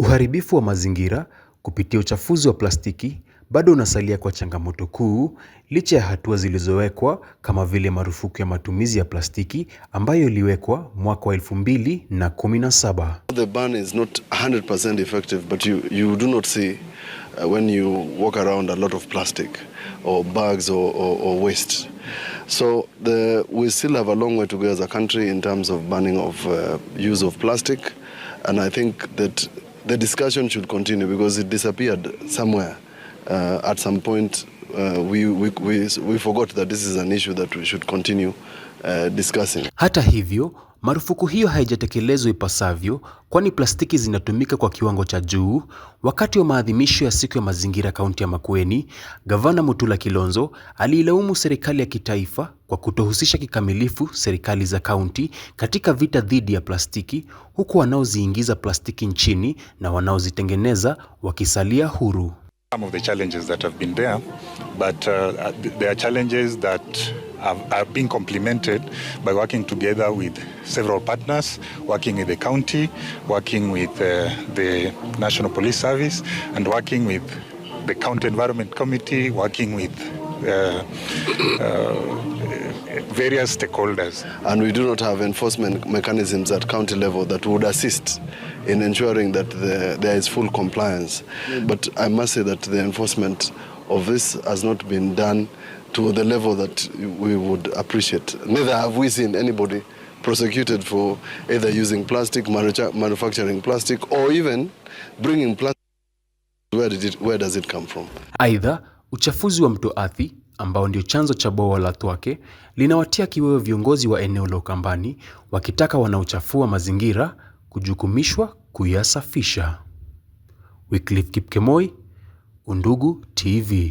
Uharibifu wa mazingira kupitia uchafuzi wa plastiki bado unasalia kwa changamoto kuu licha ya hatua zilizowekwa kama vile marufuku ya matumizi ya plastiki ambayo iliwekwa mwaka wa elfu mbili na kumi na saba. The ban is not 100% effective but you, you do not see uh, when you walk around a lot of plastic or bags or, or, or waste. So the, we still have a long way to go as a country in terms of banning of uh, use of plastic and I think that the discussion should continue because it disappeared somewhere uh, at some point uh, we, we, we, we forgot that this is an issue that we should continue uh, discussing. Hata hivyo Marufuku hiyo haijatekelezwa ipasavyo kwani plastiki zinatumika kwa kiwango cha juu. Wakati wa maadhimisho ya siku ya mazingira kaunti ya Makueni, Gavana Mutula Kilonzo aliilaumu serikali ya kitaifa kwa kutohusisha kikamilifu serikali za kaunti katika vita dhidi ya plastiki, huku wanaoziingiza plastiki nchini na wanaozitengeneza wakisalia huru. Some of the challenges that have been there, but, uh, uh there are challenges that have, been complemented by working together with several partners, working with the county, working with uh, the National Police Service, and working with the County Environment Committee, working with uh, uh, various stakeholders. And we do not have enforcement mechanisms at county level that would assist in ensuring that the, there is full compliance. But I must say that the enforcement of this has not been done to the level that we would appreciate. Neither have we seen anybody prosecuted for either using plastic, manufacturing plastic, or even bringing plastic. Where, did it, where does it come from? either uchafuzi wa mto Athi ambao ndio chanzo cha bwawa la Twake linawatia kiwewe viongozi wa eneo la Ukambani wakitaka wanaochafua mazingira kujukumishwa kuyasafisha. Wycliffe Kipkemoi, Undugu TV.